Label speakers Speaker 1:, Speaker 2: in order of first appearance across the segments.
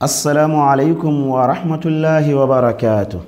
Speaker 1: assalamu alaikum wa rahmatullahi wa barakatu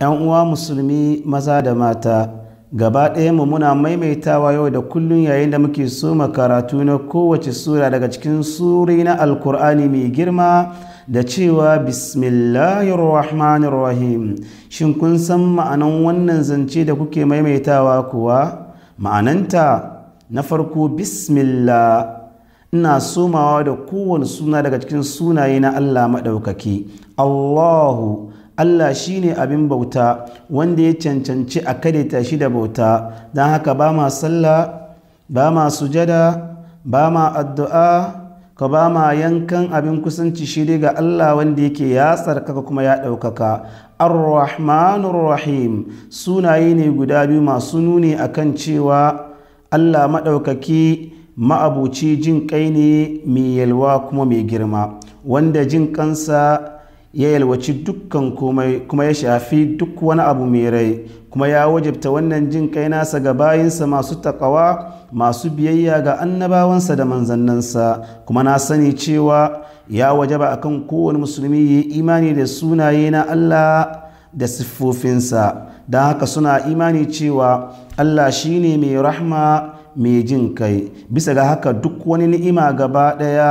Speaker 1: yan uwa musulmi maza da mata gaba ɗaya mu muna maimaitawa yau da kullun yayin da muke soma karatu na kowace sura daga cikin suri na alkur'ani mai girma da cewa bismillahirrahmanirrahim shin kun san ma'anan wannan zance da kuke maimaitawa kuwa ma'ananta na farko bismillah ina somawa da kowane suna daga cikin sunaye na Allah maɗaukaki Allahu Allah shi ne abin bauta wanda ya cancanci a ta shi da bauta don haka ba ma sallah ba ma sujada ba ma addu'a ka ba ma yankan abin kusanci shi ga Allah wanda yake ya tsarkaka kuma ya ɗaukaka ar-rahmanur rahim sunaye ne guda biyu masu nuni akan cewa Allah maɗaukaki ma'abuci jin kai ne mai yalwa kuma mai girma wanda jin kansa ya yalwaci dukkan komai kuma ya shafi duk wani abu mai rai kuma ya wajabta wannan jin kai nasa ga bayinsa masu takawa masu biyayya ga annabawansa da manzannansa kuma na sani cewa ya wajaba kan kowane musulmi ya yi imani da sunaye na Allah da siffofinsa don haka suna imani cewa Allah shine mai rahma mai jin kai bisa ga haka duk wani ni'ima gaba ɗaya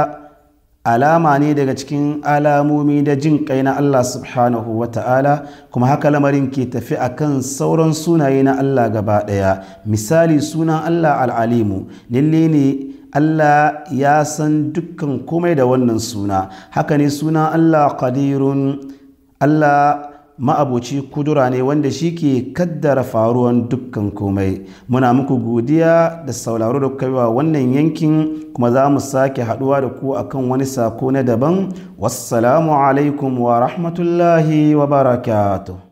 Speaker 1: alama ne daga cikin alamomi da jin kai na Allah subhanahu wa ta'ala kuma haka lamarin ke tafi a kan sauran sunaye na Allah gaba ɗaya misali sunan Allah al'alimu lalle ne Allah ya san dukkan komai da wannan suna haka ne sunan Allah qadirun Allah ma'aboci kudura ne wanda shi ke kaddara faruwan dukkan komai muna muku godiya da sauraro da kaiwa wannan yankin kuma za mu sake haduwa da ku akan wani sako na daban wassalamu alaikum wa rahmatullahi wa barakatuh